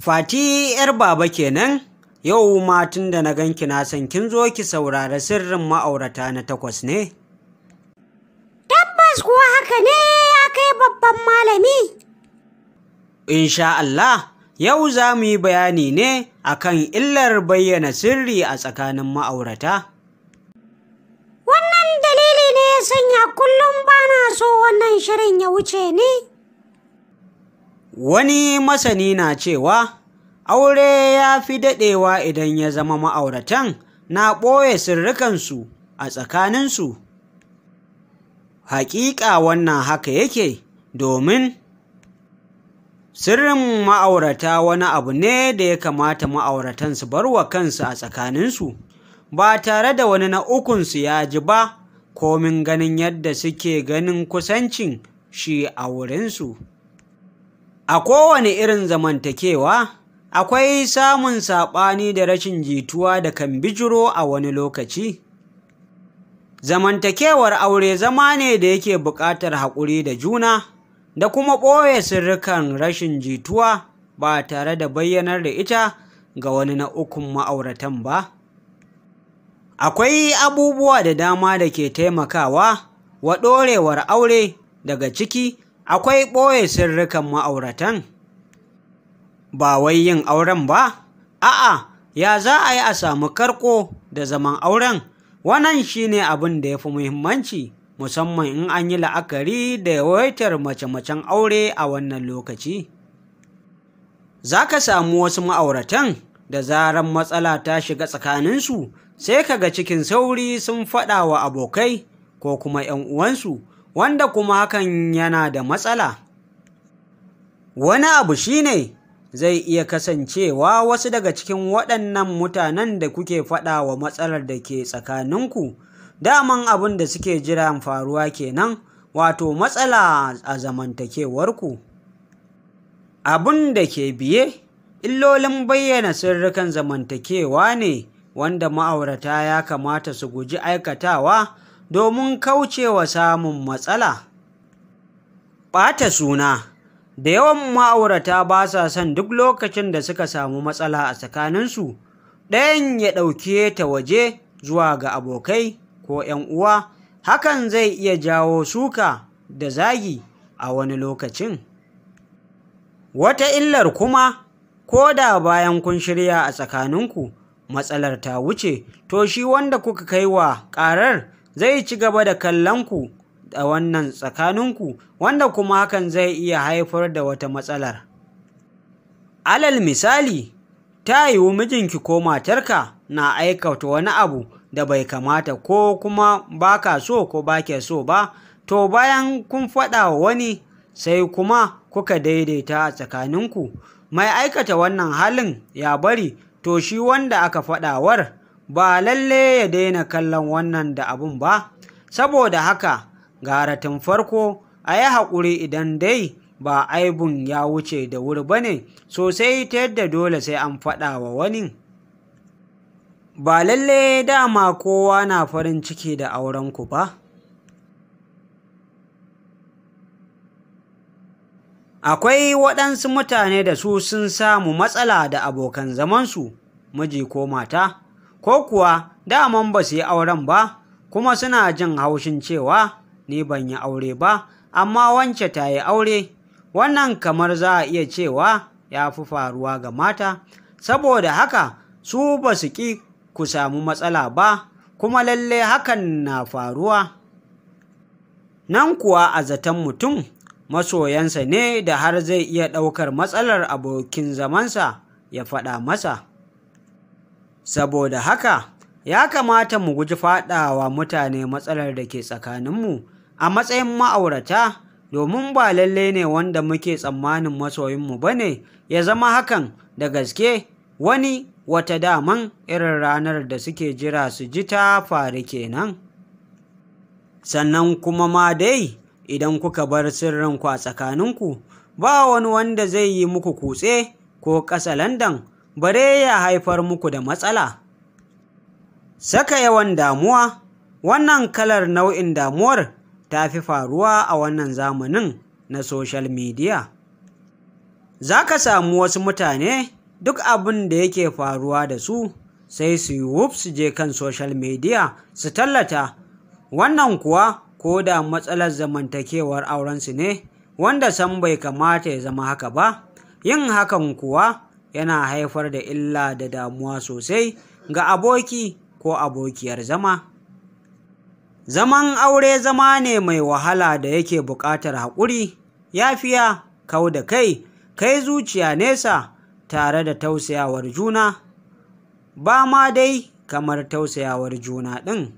Fati ‘yar baba kenan, yau matun da na ganki na san kin zo ki saurara sirrin ma'aurata na takwas ne? Tabbas kuwa haka ne ya kai babban malami. Insha Allah, yau za mu yi bayani ne a kan illar bayyana sirri a tsakanin ma'aurata. Wannan dalili ne ya sanya kullum bana so wannan shirin ya wuce ni. Wani masani na cewa, aure ya fi daɗewa idan ya zama ma'auratan na ɓoye sirrikansu a tsakaninsu. Haƙiƙa wannan haka yake domin sirrin ma'aurata wani abu ne da ya kamata ma'auratan su bar wa kansu a tsakaninsu, ba tare da wani na ukunsu ya ji ba komin ganin yadda suke ganin kusancin shi a wurinsu. A kowane irin zamantakewa, akwai samun saɓani da rashin jituwa da kan bijiro a wani lokaci. Zamantakewar aure zama ne da yake buƙatar haƙuri da juna, da kuma ɓoye sirrikan rashin jituwa ba tare da bayyanar da ita ga wani na ukun ma'auratan ba. Akwai abubuwa da dama da ke taimakawa wa ɗorewar aure daga ciki akwai ɓoye sirrikan ma'auratan ba wai yin auren ba a'a ya za a yi a samu karko da zaman auren wannan shine abin da ya fi muhimmanci musamman in an yi la'akari da yawaitar mace-macen aure a wannan lokaci za ka samu wasu ma'auratan da zaran matsala ta shiga tsakaninsu sai kaga cikin sauri sun faɗa wa abokai ko kuma 'yan uwansu wanda kuma hakan yana da matsala. Wani abu shi ne zai iya kasancewa wasu daga cikin waɗannan mutanen da kuke faɗa wa matsalar da ke tsakaninku, daman abin da suke jiran faruwa kenan, wato matsala a zamantakewarku. Abin da ke biye, illolin bayyana sirrikan zamantakewa ne wanda ma'aurata ya kamata su guji aikatawa. domin kaucewa samun matsala ɓata suna da yawan ma'aurata ba sa son duk lokacin da suka samu matsala a tsakaninsu ɗayan ya ɗauke ta waje zuwa ga abokai ko ‘yan uwa hakan zai iya jawo suka da zagi a wani lokacin wata illar kuma ko da bayan kun shirya a tsakaninku matsalar ta wuce to shi wanda kuka kai wa ƙarar zai ci gaba da kallon ku a wannan tsakaninku wanda kuma hakan zai iya haifar da wata matsalar alal misali ta yiwu mijinki ko matarka na aikata wani abu da bai kamata ko kuma baka so ko bake so ba to bayan kun faɗa wani sai kuma kuka daidaita a tsakaninku mai aikata wannan halin ya bari to shi wanda aka faɗawar ba lalle ya daina kallon wannan da abun ba saboda haka gara tun farko a yi haƙuri idan dai ba aibun ya wuce da wuri ba ne sosai ta yadda dole sai an faɗa wa wani ba lalle dama kowa na farin ciki da aurenku ba akwai waɗansu mutane da su sun samu matsala da abokan zamansu miji ko mata ko kuwa daman ba su yi auren ba kuma suna jin haushin cewa ni ban yi aure ba amma wance ta yi aure wannan kamar za a iya cewa ya fi faruwa ga mata saboda haka su ba su ƙi ku samu matsala ba kuma lalle hakan na faruwa nan kuwa a zaton mutum masoyansa ne da har zai iya ɗaukar matsalar abokin zamansa ya faɗa masa Saboda haka, ya kamata mu guji faɗawa mutane matsalar da ke tsakaninmu a matsayin ma'aurata domin ba lallai ne wanda muke tsammanin masoyinmu ba ne ya zama hakan da gaske wani wata daman irin ranar da suke jira su ji ta faru kenan. Sannan kuma ma dai idan kuka bar sirrinku a tsakaninku ba wani wanda zai yi muku kutse ko ƙasa landan bare ya haifar muku da matsala. Saka yawan damuwa, wannan kalar nau'in damuwar ta fi faruwa a wannan zamanin na social media. Za ka samu wasu mutane duk abin da yake faruwa da su sai su yi wuf su je kan social media su tallata, wannan kuwa ko da matsalar zamantakewar aurensu ne wanda san bai kamata ya zama haka ba, yin hakan kuwa yana haifar da illa da damuwa sosai ga aboki ko abokiyar zama. Zaman aure zama ne mai wahala da yake buƙatar haƙuri, yafiya, kau da kai, kai zuciya nesa tare da tausayawar juna, ba ma dai kamar tausayawar juna ɗin.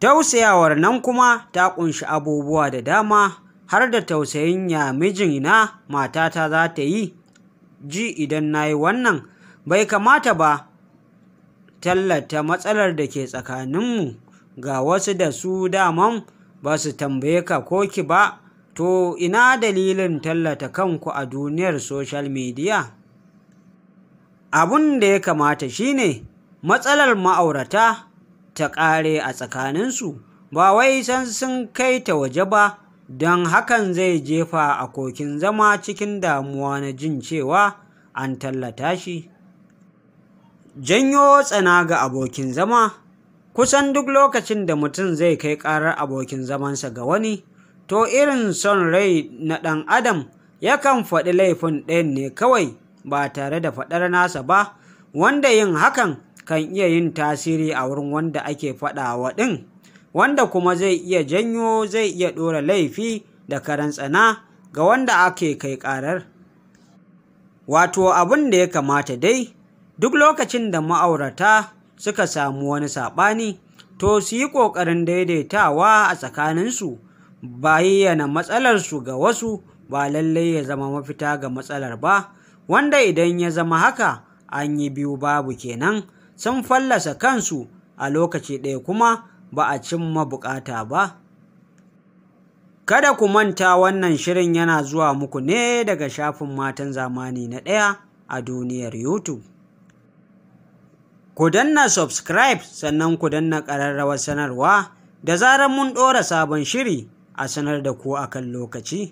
Tausayawar nan kuma ta ƙunshi abubuwa da dama har da tausayin ya mijina matata za ta yi ji idan na yi wannan bai kamata ba tallata matsalar da ke tsakaninmu ga wasu da su daman ba su tambaye ka ko ki ba to ina dalilin tallata kanku a duniyar social media abun da ya kamata shine matsalar ma'aurata ta ƙare a tsakaninsu ba wai san sun kai ta waje ba don hakan zai jefa a kokin zama cikin damuwa na jin cewa an tallata shi janyo tsana ga abokin zama kusan duk lokacin da mutum zai kai ƙarar abokin zamansa ga wani to irin son rai na ɗan adam yakan faɗi laifin ɗayan ne kawai ba tare da faɗar nasa ba wanda yin hakan kan iya yin tasiri a wurin wanda ake faɗa wa ɗin wanda kuma zai iya janyo zai iya ɗora laifi da karantsana ga wanda ake kai ƙarar wato abin da ya kamata dai duk lokacin da ma'aurata suka samu wani saɓani to su yi ƙoƙarin daidaitawa a tsakaninsu bayyana matsalarsu ga wasu ba lallai ya zama mafita ga matsalar ba wanda idan ya zama haka an yi biyu babu kenan sun fallasa kansu a lokaci ɗaya kuma ba a cin mabukata ba kada ku manta wannan shirin yana zuwa muku ne daga shafin matan zamani na ɗaya a duniyar youtube ku danna subscribe sannan ku danna ƙararrawar sanarwa da zarar mun ɗora sabon shiri a sanar da ku akan lokaci